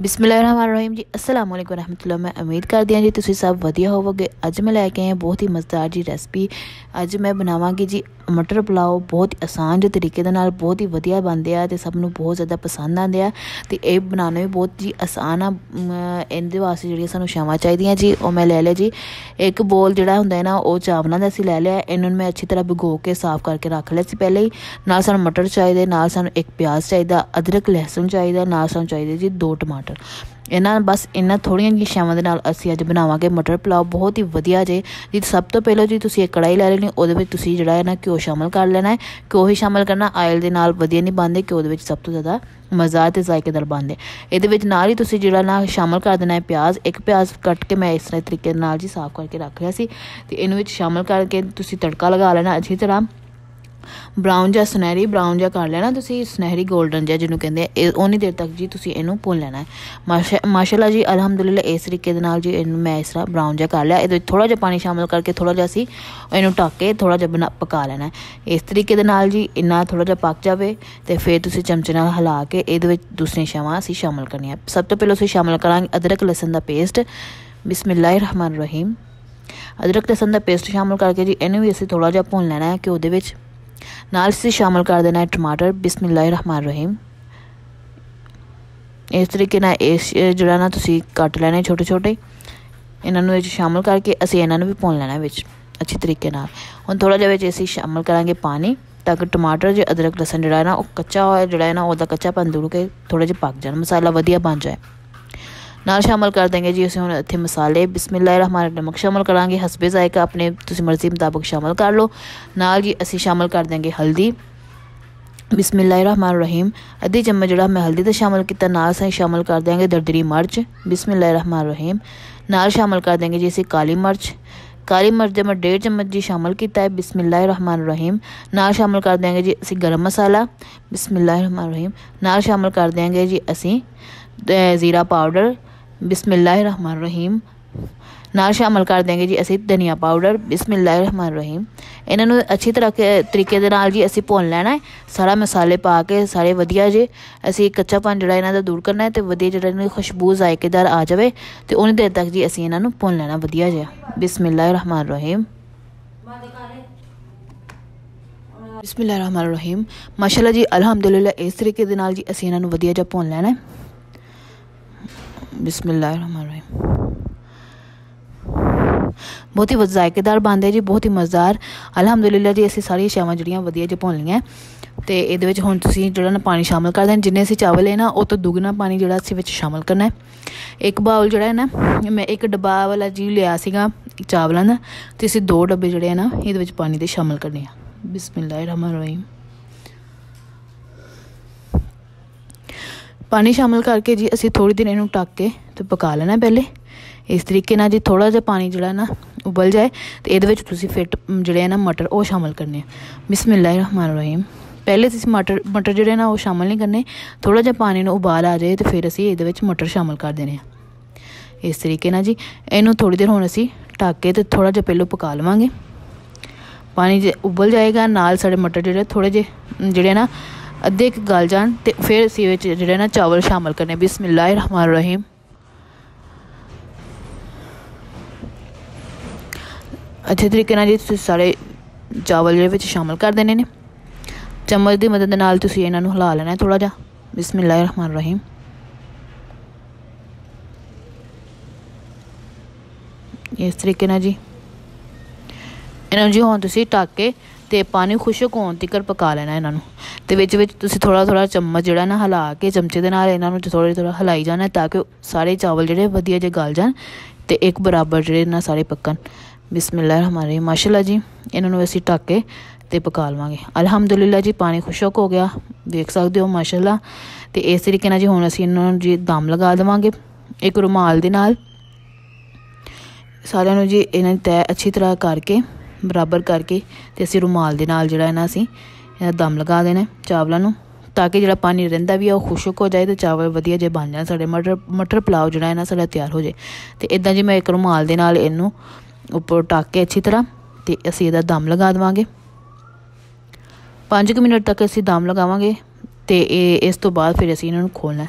ਬਿਸਮਿਲ੍ਲਾਹਿਰਰਹਿਮਾਨਿਰਰਹੀਮ ਜੀ ਅਸਲਾਮ ਅਲੈਕੁਮ ਰਹਿਮਤੁਲਾਹ ਮੈਂ ਉਮੀਦ ਕਰਦੀ ਹਾਂ ਜੀ ਤੁਸੀਂ ਸਭ ਵਧੀਆ ਹੋਵੋਗੇ ਅੱਜ ਮੈਂ ਲੈ ਕੇ ਆਇਆ ਬਹੁਤ ਹੀ ਮਜ਼ੇਦਾਰ ਜੀ ਰੈਸਪੀ ਅੱਜ ਮੈਂ ਬਣਾਵਾਂਗੀ ਜੀ ਮਟਰ ਪਲਾਓ ਬਹੁਤ ਆਸਾਨ ਜਿਹੇ ਤਰੀਕੇ ਦੇ ਨਾਲ ਬਹੁਤ ਹੀ ਵਧੀਆ ਬਣਦੇ ਆ ਤੇ ਸਭ ਨੂੰ ਬਹੁਤ ਜ਼ਿਆਦਾ ਪਸੰਦ ਆਉਂਦੇ ਆ ਤੇ ਇਹ ਬਣਾਉਣੇ ਵੀ ਬਹੁਤ ਜੀ ਆਸਾਨ ਆ ਇਹਦੇ ਵਾਸਤੇ ਜਿਹੜੀਆਂ ਸਾਨੂੰ ਸ਼ਾਵਾਂ ਚਾਹੀਦੀਆਂ ਜੀ ਉਹ ਮੈਂ ਲੈ ਲਿਆ ਜੀ ਇੱਕ ਬੋਲ ਜਿਹੜਾ ਹੁੰਦਾ ਹੈ ਨਾ ਉਹ ਚਾਵਲਾਂ ਦਾ ਅਸੀਂ ਲੈ ਲਿਆ ਇਹਨਾਂ ਨੂੰ ਮੈਂ ਅੱਛੀ ਤਰ੍ਹਾਂ ਭਿਗੋ ਕੇ ਸਾਫ਼ ਕਰਕੇ ਰੱਖ ਲਿਆ ਸੀ ਪਹਿਲੇ ਹੀ ਨਾਲ ਸਾਨੂੰ ਮਟਰ ਚਾਹੀਦੇ ਨਾਲ ਸਾਨੂੰ ਇੱਕ ਪਿਆਜ਼ ਚਾਹੀਦਾ ਅਦਰਕ ਲਹਿਸਨ ਚਾਹੀਦਾ ਨਾਲ ਸਾਨੂੰ ਚਾਹੀਦੇ ਜੀ ਦੋ ਟਮਾਟਰ ਇਹਨਾਂ ਬਸ ਇਹਨਾਂ ਥੋੜੀਆਂ ਜਿਹੀਆਂ ਸ਼ਾਵਾਂ ਦੇ ਨਾਲ ਅਸੀਂ ਅੱਜ ਬਣਾਵਾਂਗੇ ਮਟਰ ਪਲਾਉ ਬਹੁਤ ਹੀ ਵਧੀਆ ਜੇ ਜੀ ਸਭ ਤੋਂ ਪਹਿਲਾਂ ਜੀ ਤੁਸੀਂ ਇੱਕ ਕੜਾਈ ਲੈ ਲੈਣੀ ਉਹਦੇ ਵਿੱਚ ਤੁਸੀਂ ਜਿਹੜਾ ਹੈ ਨਾ ਘਿਓ ਸ਼ਾਮਲ ਕਰ ਲੈਣਾ ਹੈ ਘਿਓ ਹੀ ਸ਼ਾਮਲ ਕਰਨਾ ਆਇਲ ਦੇ ਨਾਲ ਵਧੀਆ ਨਹੀਂ ਬਣਦੇ ਕਿਉਂ ਦੇ ਵਿੱਚ ਸਭ ਤੋਂ ਜ਼ਿਆਦਾ ਮਜ਼ਾ ਤੇ ਜ਼ਾਇਕੇਦਾਰ ਬਣਦੇ ਇਹਦੇ ਵਿੱਚ ਨਾਲ ਹੀ ਤੁਸੀਂ ਜਿਹੜਾ ਨਾ ਸ਼ਾਮਲ ਕਰ ਦੇਣਾ ਹੈ ਪਿਆਜ਼ ਇੱਕ ਪਿਆਜ਼ ਕੱਟ ਕੇ ਮੈਂ ਇਸ ਤਰ੍ਹਾਂ ਤਰੀਕੇ ਨਾਲ ਜੀ ਸਾਫ਼ ਕਰਕੇ ਰੱਖ ਲਿਆ ਸੀ ਤੇ ਇਹਨੂੰ ਵਿੱਚ ਸ਼ਾਮਲ ਕਰਕੇ ਤੁਸੀਂ ਤੜਕਾ ਲਗਾ ਲੈਣਾ ਅੱਛੀ ਤਰ੍ਹਾਂ ਬ੍ਰਾਊਨ ਜਾਂ ਸੁਨਹਿਰੀ ਬ੍ਰਾਊਨ ਜਾਂ ਕਰ ਲੈਣਾ ਤੁਸੀਂ ਸੁਨਹਿਰੀ 골ਡਨ ਜਾਂ ਜਿਹਨੂੰ ਕਹਿੰਦੇ ਆ ਇਹ ਉਨੀ ਦੇਰ ਤੱਕ ਜੀ ਤੁਸੀਂ ਇਹਨੂੰ ਭੁੰਨ ਲੈਣਾ ਹੈ ਮਾਸ਼ਾਅੱਲਾ ਜੀ ਅਲਹਮਦੁਲਿਲਾ ਇਸ ਤਰੀਕੇ ਦੇ ਨਾਲ ਜੀ ਇਹਨੂੰ ਮੈਂ ਇਸ ਤਰ੍ਹਾਂ ਬ੍ਰਾਊਨ ਜਾਂ ਕਰ ਲਿਆ ਇਹਦੇ ਵਿੱਚ ਥੋੜਾ ਜਿਹਾ ਪਾਣੀ ਸ਼ਾਮਿਲ ਕਰਕੇ ਥੋੜਾ ਜਿਹਾ ਸੀ ਇਹਨੂੰ ਢੱਕ ਕੇ ਥੋੜਾ ਜਿਹਾ ਬਣਾ ਪਕਾ ਲੈਣਾ ਇਸ ਤਰੀਕੇ ਦੇ ਨਾਲ ਜੀ ਇੰਨਾ ਥੋੜਾ ਜਿਹਾ ਪੱਕ ਜਾਵੇ ਤੇ ਫਿਰ ਤੁਸੀਂ ਚਮਚੇ ਨਾਲ ਹਿਲਾ ਕੇ ਇਹਦੇ ਵਿੱਚ ਦੂਸਰੀਆਂ ਸ਼ਾਵਾਂ ਅਸੀਂ ਸ਼ਾਮਿਲ ਕਰਨੀਆਂ ਸਭ ਤੋਂ ਪਹਿਲਾਂ ਅਸੀਂ ਸ਼ਾਮਿਲ ਕਰਾਂਗੇ ਅਦਰਕ ਲਸਣ ਦਾ ਪੇਸਟ ਬਿਸਮਿਲ੍ਲਾਹਿਰ ਰਹਿਮਾਨ ਰਹੀਮ ਅਦਰਕ ਲਸਣ ਦਾ ਪੇਸਟ ਸ਼ਾਮਿਲ ਕਰਕੇ ਜੀ ਇਹਨੂੰ ਵੀ ਅਸੀਂ ਥੋੜਾ ਜਿਹਾ ਭੁੰਨ ਲੈਣਾ ਹੈ ਕਿ ਉਹਦੇ ਵਿੱਚ ਨਾਲ ਸੀ ਸ਼ਾਮਲ ਕਰ ਦੇਣਾ ਹੈ ਟਮਾਟਰ ਬਿਸਮਿਲ੍ਲਾਹਿਰਰਹਿਮਾਨਿਰਰਹੀਮ ਇਸ ਤਰੀਕੇ ਨਾਲ ਇਸ ਜਿਹੜਾ ਨਾ ਤੁਸੀਂ ਕੱਟ ਲੈਣੇ ਛੋਟੇ ਛੋਟੇ ਇਹਨਾਂ ਨੂੰ ਵਿੱਚ ਸ਼ਾਮਲ ਕਰਕੇ ਅਸੀਂ ਇਹਨਾਂ ਨੂੰ ਵੀ ਪੋਣ ਲੈਣਾ ਵਿੱਚ ਅੱਛੇ ਤਰੀਕੇ ਨਾਲ ਹੁਣ ਥੋੜਾ ਜਿਹਾ ਵਿੱਚ ਅਸੀਂ ਸ਼ਾਮਲ ਕਰਾਂਗੇ ਪਾਣੀ ਤਾਂ ਕਿ ਟਮਾਟਰ ਜੇ ਅਦਰਕ ਲਸਣ ਜਿਹੜਾ ਨਾ ਉਹ ਕੱਚਾ ਹੋਇਆ ਜਿਹੜਾ ਨਾ ਉਹਦਾ ਕੱਚਾਪਨ ਦੂਰ ਕੇ ਥੋੜਾ ਜਿਹਾ ਪੱਕ ਜਾਣ ਮਸਾਲਾ ਵਧੀਆ ਬਣ ਜਾਏ नाल शामिल कर देंगे जी असं हम इतने मसाले बिस्मिल्लामान नमक शामिल करा हसबे जायका अपने मर्जी मुताबिक शामिल कर लो नाल जी असं शामिल कर देंगे हल्दी रहमान रहीम अद्धी चम्मच जोड़ा मैं हल्दी तो शामिल किया नाल अं शामिल कर देंगे दरदरी मिर्च रहमान रहीम नाल शामिल कर देंगे जी असं काली मिर्च काली मिर्च जो मैं डेढ़ चम्मच जी शामिल किया है रहमान रहीम नाल शामिल कर देंगे जी असं गर्म मसाला रहमान रहीम नाल शामिल कर देंगे जी असी जीरा पाउडर ਬਿਸਮਿਲ੍ਲਾਹਿਰਰਹਿਮਾਨਿਰਰਹੀਮ ਨਾਲ ਸ਼ਾਮਲ ਕਰ ਦੇਂਗੇ ਜੀ ਅਸੀਂ ਧਨੀਆ ਪਾਊਡਰ ਬਿਸਮਿਲ੍ਲਾਹਿਰਰਹਿਮਾਨਿਰਰਹੀਮ ਇਹਨਾਂ ਨੂੰ ਅੱਛੀ ਤਰ੍ਹਾਂ ਕੇ ਤਰੀਕੇ ਦੇ ਨਾਲ ਜੀ ਅਸੀਂ ਭੁੰਨ ਲੈਣਾ ਹੈ ਸਾਰਾ ਮਸਾਲੇ ਪਾ ਕੇ ਸਾਰੇ ਵਧੀਆ ਜੇ ਅਸੀਂ ਕੱਚਾ ਕੱਚਾਪਨ ਜਿਹੜਾ ਇਹਨਾਂ ਦਾ ਦੂਰ ਕਰਨਾ ਹੈ ਤੇ ਵਧੀਆ ਜਿਹੜਾ ਇਹਨਾਂ ਦੀ ਖੁਸ਼ਬੂ ਜ਼ਾਇਕੇਦਾਰ ਆ ਜਾਵੇ ਤੇ ਉਹਨੇ ਦੇਰ ਤੱਕ ਜੀ ਅਸੀਂ ਇਹਨਾਂ ਨੂੰ ਭੁੰਨ ਲੈਣਾ ਵਧੀਆ ਜਿਹਾ ਬਿਸਮਿਲ੍ਲਾਹਿਰਰਹਿਮਾਨਿਰਰਹੀਮ ਬਿਸਮਿਲ੍ਲਾਹਿਰਰਹਿਮਾਨਿਰਰਹੀਮ ਮਾਸ਼ਾਅੱਲਾ ਜੀ ਅਲਹਮਦੁਲਿਲਾ ਇਸ ਤਰੀਕੇ ਦੇ ਨਾਲ ਜੀ ਅਸੀਂ ਇਹਨਾਂ ਨੂੰ ਵਧੀਆ ਜਿਹਾ ਭੁੰਨ ਲੈਣਾ ਹੈ ਬਿਸਮਿਲ੍ਲਾਹਿਰ ਰਹਿਮਾਨ ਰਹੀਮ ਬਹੁਤ ਹੀ ਵਜ਼ਾਇਕੇਦਾਰ ਬਣਦੇ ਜੀ ਬਹੁਤ ਹੀ ਮਜ਼ਦਾਰ ਅਲਹਮਦੁਲਿਲਾ ਜੀ ਅਸੀਂ ਸਾਰੀਆਂ ਸ਼ਾਵਾਂ ਜਿਹੜੀਆਂ ਵਧੀਆ ਜਿਹਾ ਭੁੰਨ ਲੀਆਂ ਤੇ ਇਹਦੇ ਵਿੱਚ ਹੁਣ ਤੁਸੀਂ ਜਿਹੜਾ ਨਾ ਪਾਣੀ ਸ਼ਾਮਲ ਕਰ ਦੇਣ ਜਿੰਨੇ ਅਸੀਂ ਚਾਵਲ ਹੈ ਨਾ ਉਹ ਤੋਂ ਦੁੱਗਣਾ ਪਾਣੀ ਜਿਹੜਾ ਅਸੀਂ ਵਿੱਚ ਸ਼ਾਮਲ ਕਰਨਾ ਹੈ ਇੱਕ ਬਾਉਲ ਜਿਹੜਾ ਹੈ ਨਾ ਮੈਂ ਇੱਕ ਡੱਬਾ ਵਾਲਾ ਜੀ ਲਿਆ ਸੀਗਾ ਚਾਵਲਾਂ ਦਾ ਤੇ ਅਸੀਂ ਦੋ ਡੱਬੇ ਜਿਹੜੇ ਹੈ ਨਾ ਇਹਦੇ ਵਿੱਚ ਪਾਣੀ ਦੇ ਸ਼ਾਮਲ ਕਰਨੇ ਆ ਬਿਸਮਿਲ੍ਲਾਹਿਰ ਰਹਿਮਾਨ ਰਹੀਮ ਪਾਣੀ ਸ਼ਾਮਿਲ ਕਰਕੇ ਜੀ ਅਸੀਂ ਥੋੜੀ ਦਿਨ ਇਹਨੂੰ ਟੱਕ ਕੇ ਤੇ ਪਕਾ ਲੈਣਾ ਪਹਿਲੇ ਇਸ ਤਰੀਕੇ ਨਾਲ ਜੀ ਥੋੜਾ ਜਿਹਾ ਪਾਣੀ ਜਿਹੜਾ ਨਾ ਉਬਲ ਜਾਏ ਤੇ ਇਹਦੇ ਵਿੱਚ ਤੁਸੀਂ ਫਿਰ ਜਿਹੜੇ ਨਾ ਮਟਰ ਉਹ ਸ਼ਾਮਿਲ ਕਰਨੇ ਬਿਸਮਿਲ੍ਲਾਹਿਰ ਰਹਿਮਾਨ ਰਹੀਮ ਪਹਿਲੇ ਤੁਸੀਂ ਮਟਰ ਮਟਰ ਜਿਹੜੇ ਨਾ ਉਹ ਸ਼ਾਮਿਲ ਨਹੀਂ ਕਰਨੇ ਥੋੜਾ ਜਿਹਾ ਪਾਣੀ ਨੂੰ ਉਬਾਲ ਆ ਜਾਏ ਤੇ ਫਿਰ ਅਸੀਂ ਇਹਦੇ ਵਿੱਚ ਮਟਰ ਸ਼ਾਮਿਲ ਕਰ ਦੇਣੇ ਆ ਇਸ ਤਰੀਕੇ ਨਾਲ ਜੀ ਇਹਨੂੰ ਥੋੜੀ ਦੇਰ ਹੁਣ ਅਸੀਂ ਟੱਕ ਕੇ ਤੇ ਥੋੜਾ ਜਿਹਾ ਪਹਿਲੋ ਪਕਾ ਲਵਾਂਗੇ ਪਾਣੀ ਜੇ ਉਬਲ ਜਾਏਗਾ ਨਾਲ ਸਾਡੇ ਮਟਰ ਜਿਹੜੇ ਥੋੜੇ ਜਿਹੇ ਜਿਹੜੇ ਨਾ ਅੱਧੇ ਕੁ ਗਲ ਜਾਣ ਤੇ ਫਿਰ ਇਸ ਵਿੱਚ ਜਿਹੜੇ ਨਾ ਚਾਵਲ ਸ਼ਾਮਲ ਕਰਨੇ ਬਿਸਮਿਲ੍ਲਾਹਿਰਰਹਿਮਾਨਿਰਰਹੀਮ ਅੱਛੇ ਤਰੀਕੇ ਨਾਲ ਜੀ ਤੁਸੀਂ ਸਾਰੇ ਚਾਵਲ ਜਿਹੜੇ ਵਿੱਚ ਸ਼ਾਮਲ ਕਰ ਦੇਣੇ ਨੇ ਚਮਚ ਦੀ ਮਦਦ ਨਾਲ ਤੁਸੀਂ ਇਹਨਾਂ ਨੂੰ ਹਿਲਾ ਲੈਣਾ ਥੋੜਾ ਜਿਹਾ ਬਿਸਮਿਲ੍ਲਾਹਿਰਰਹਿਮਾਨਿਰਰਹੀਮ ਇਸ ਤਰੀਕੇ ਨਾਲ ਜੀ ਇਹਨਾਂ ਜੀ ਹੁਣ ਤੁਸੀਂ ਢੱਕ ਕੇ ਤੇ ਪਾਣੀ ਖੁਸ਼ਕ ਹੋਣ ਤੱਕ ਪਕਾ ਲੈਣਾ ਇਹਨਾਂ ਨੂੰ ਤੇ ਵਿੱਚ ਵਿੱਚ ਤੁਸੀਂ ਥੋੜਾ ਥੋੜਾ ਚਮਚ ਜਿਹੜਾ ਨਾ ਹਲਾ ਕੇ ਚਮਚੇ ਦੇ ਨਾਲ ਇਹਨਾਂ ਨੂੰ ਥੋੜੀ ਥੋੜਾ ਹਿਲਾਈ ਜਾਣਾ ਤਾਂ ਕਿ ਸਾਰੇ ਚਾਵਲ ਜਿਹੜੇ ਵਧੀਆ ਜੇ ਗਲ ਜਾਣ ਤੇ ਇੱਕ ਬਰਾਬਰ ਜਿਹੜੇ ਨਾ ਸਾਰੇ ਪੱਕਣ ਬਿਸਮਿਲ੍ਲਾਹ ਰਹਿਮਾਨ ਮਾਸ਼ਾਅੱਲਾ ਜੀ ਇਹਨਾਂ ਨੂੰ ਅਸੀਂ ਢੱਕ ਕੇ ਤੇ ਪਕਾ ਲਵਾਂਗੇ ਅਲਹਮਦੁਲਿਲਾ ਜੀ ਪਾਣੀ ਖੁਸ਼ਕ ਹੋ ਗਿਆ ਦੇਖ ਸਕਦੇ ਹੋ ਮਾਸ਼ਾਅੱਲਾ ਤੇ ਇਸ ਤਰੀਕੇ ਨਾਲ ਜੀ ਹੁਣ ਅਸੀਂ ਇਹਨਾਂ ਨੂੰ ਜੀ ਦਮ ਲਗਾ ਦੇਵਾਂਗੇ ਇੱਕ ਰੁਮਾਲ ਦੇ ਨਾਲ ਸਾਰਿਆਂ ਨੂੰ ਜੀ ਇਹਨਾਂ ਤੇ ਅੱਛੀ ਤਰ੍ਹਾਂ ਕਰਕੇ ਬਰਾਬਰ ਕਰਕੇ ਤੇ ਅਸੀਂ ਰੁਮਾਲ ਦੇ ਨਾਲ ਜਿਹੜਾ ਇਹਨਾਂ ਅਸੀਂ ਇਹਦਾ ਦਮ ਲਗਾ ਦੇਣਾ ਚਾਵਲਾਂ ਨੂੰ ਤਾਂ ਕਿ ਜਿਹੜਾ ਪਾਣੀ ਰਹਿੰਦਾ ਵੀ ਆ ਉਹ ਖੁਸ਼ਕ ਹੋ ਜਾਏ ਤੇ ਚਾਵਲ ਵਧੀਆ ਜੇ ਬਣ ਜਾਣ ਸਾਡੇ ਮਟਰ ਮਟਰ ਪਲਾਉ ਜਿਹੜਾ ਇਹਨਾਂ ਸਾਡਾ ਤਿਆਰ ਹੋ ਜਾਏ ਤੇ ਇਦਾਂ ਜੇ ਮੈਂ ਇੱਕ ਰੁਮਾਲ ਦੇ ਨਾਲ ਇਹਨੂੰ ਉੱਪਰ ਟਾਕ ਕੇ ਅੱਛੀ ਤਰ੍ਹਾਂ ਤੇ ਅਸੀਂ ਇਹਦਾ ਦਮ ਲਗਾ ਦਵਾਂਗੇ 5 ਮਿੰਟ ਤੱਕ ਅਸੀਂ ਦਮ ਲਗਾਵਾਂਗੇ ਤੇ ਇਹ ਇਸ ਤੋਂ ਬਾਅਦ ਫਿਰ ਅਸੀਂ ਇਹਨਾਂ ਨੂੰ ਖੋਲਣਾ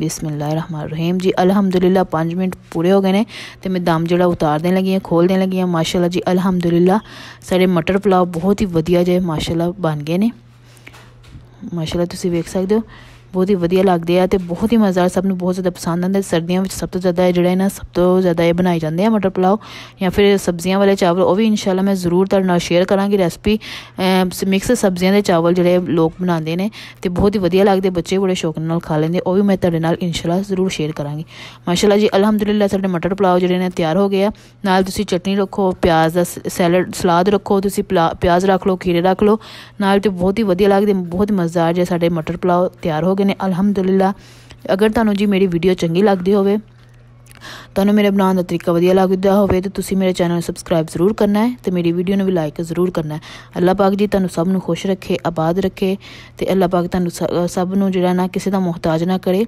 ਰਹੀਮ ਜੀ ਅਲਹਮਦੁਲਿਲਾ 5 ਮਿੰਟ ਪੂਰੇ ਹੋ ਗਏ ਨੇ ਤੇ ਮੈਂ ਦਮ ਜਿਹੜਾ ਉਤਾਰ ਦੇਣ ਲੱਗੀ ਆ ਖੋਲ ਦੇਣ ਲੱਗੀ ਆ ਮਾਸ਼ਾਅੱਲਾ ਜੀ ਅਲਹਮਦੁਲਿਲਾ ਸਾਰੇ ਮਟਰ ਪੁਲਾਵ ਬਹੁਤ ਹੀ ਵਧੀਆ ਜੇ ਮਾਸ਼ਾਅੱਲਾ ਬਣ ਗਏ ਨੇ ਮਾਸ਼ਾਅੱਲਾ ਤੁਸੀਂ ਵੇਖ ਸਕਦੇ ਹੋ ਬਹੁਤ ਹੀ ਵਧੀਆ ਲੱਗਦੇ ਆ ਤੇ ਬਹੁਤ ਹੀ ਮਜ਼ਾ ਸਭ ਨੂੰ ਬਹੁਤ ਜ਼ਿਆਦਾ ਪਸੰਦ ਆਉਂਦਾ ਸਰਦੀਆਂ ਵਿੱਚ ਸਭ ਤੋਂ ਜ਼ਿਆਦਾ ਜਿਹੜਾ ਇਹਨਾਂ ਸਭ ਤੋਂ ਜ਼ਿਆਦਾ ਇਹ ਬਣਾਏ ਜਾਂਦੇ ਆ ਮਟਰ ਪਲਾਓ ਜਾਂ ਫਿਰ ਸਬਜ਼ੀਆਂ ਵਾਲੇ ਚਾਵਲ ਉਹ ਵੀ ਇਨਸ਼ਾਅੱਲਾ ਮੈਂ ਜ਼ਰੂਰ ਤੁਹਾਡੇ ਨਾਲ ਸ਼ੇਅਰ ਕਰਾਂਗੀ ਰੈਸਪੀ ਮਿਕਸ ਸਬਜ਼ੀਆਂ ਦੇ ਚਾਵਲ ਜਿਹੜੇ ਲੋਕ ਬਣਾਉਂਦੇ ਨੇ ਤੇ ਬਹੁਤ ਹੀ ਵਧੀਆ ਲੱਗਦੇ ਬੱਚੇ ਬੜੇ ਸ਼ੌਕ ਨਾਲ ਖਾ ਲੈਂਦੇ ਉਹ ਵੀ ਮੈਂ ਤੁਹਾਡੇ ਨਾਲ ਇਨਸ਼ਾਅੱਲਾ ਜ਼ਰੂਰ ਸ਼ੇਅਰ ਕਰਾਂਗੀ ਮਾਸ਼ਾਅੱਲਾ ਜੀ ਅਲਹਮਦੁਲਿਲਾ ਸਾਡੇ ਮਟਰ ਪਲਾਓ ਜਿਹੜੇ ਨੇ ਤਿਆਰ ਹੋ ਗਏ ਆ ਨਾਲ ਤੁਸੀਂ ਚਟਨੀ ਰੱਖੋ ਪਿਆਜ਼ ਦਾ ਸੈਲਡ ਸਲਾਦ ਰੱਖੋ ਤੁਸੀਂ ਪਿਆਜ਼ ਰੱਖ ਲਓ ਖੀਰੇ ਰੱਖ ਲਓ ਨਾਲ ਤੇ ਬਹੁਤ ਹੀ ਵਧੀਆ ਲੱਗਦੇ ਬਹੁਤ ਆ ਜੇ ਸਾਡੇ ਮਟਰ ਪਲਾਓ ਤਿਆਰ ਹੋ ਸਕਦੇ ਨੇ ਅਲਹਮਦੁਲਿਲਾ ਅਗਰ ਤੁਹਾਨੂੰ ਜੀ ਮੇਰੀ ਵੀਡੀਓ ਚੰਗੀ ਲੱਗਦੀ ਹੋਵੇ ਤੁਹਾਨੂੰ ਮੇਰੇ ਬਣਾਉਣ ਦਾ ਤਰੀਕਾ ਵਧੀਆ ਲੱਗਦਾ ਹੋਵੇ ਤਾਂ ਤੁਸੀਂ ਮੇਰੇ ਚੈਨਲ ਨੂੰ ਸਬਸਕ੍ਰਾਈਬ ਜ਼ਰੂਰ ਕਰਨਾ ਹੈ ਤੇ ਮੇਰੀ ਵੀਡੀਓ ਨੂੰ ਵੀ ਲਾਈਕ ਜ਼ਰੂਰ ਕਰਨਾ ਹੈ ਅੱਲਾਹ ਪਾਕ ਜੀ ਤੁਹਾਨੂੰ ਸਭ ਨੂੰ ਖੁਸ਼ ਰੱਖੇ ਆਬਾਦ ਰੱਖੇ ਤੇ ਅੱਲਾਹ ਪਾਕ ਤੁਹਾਨੂੰ ਸਭ ਨੂੰ ਜਿਹੜਾ ਨਾ ਕਿਸੇ ਦਾ ਮੁਹਤਾਜ ਨਾ ਕਰੇ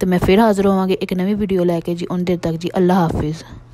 ਤੇ ਮੈਂ ਫਿਰ ਹਾਜ਼ਰ ਹੋਵਾਂਗੇ ਇੱਕ ਨਵੀਂ ਵੀਡੀਓ ਲੈ ਕੇ ਜੀ ਉਹਨਾਂ ਦੇ ਤੱਕ ਜੀ ਅੱਲਾਹ ਹਾਫਿਜ਼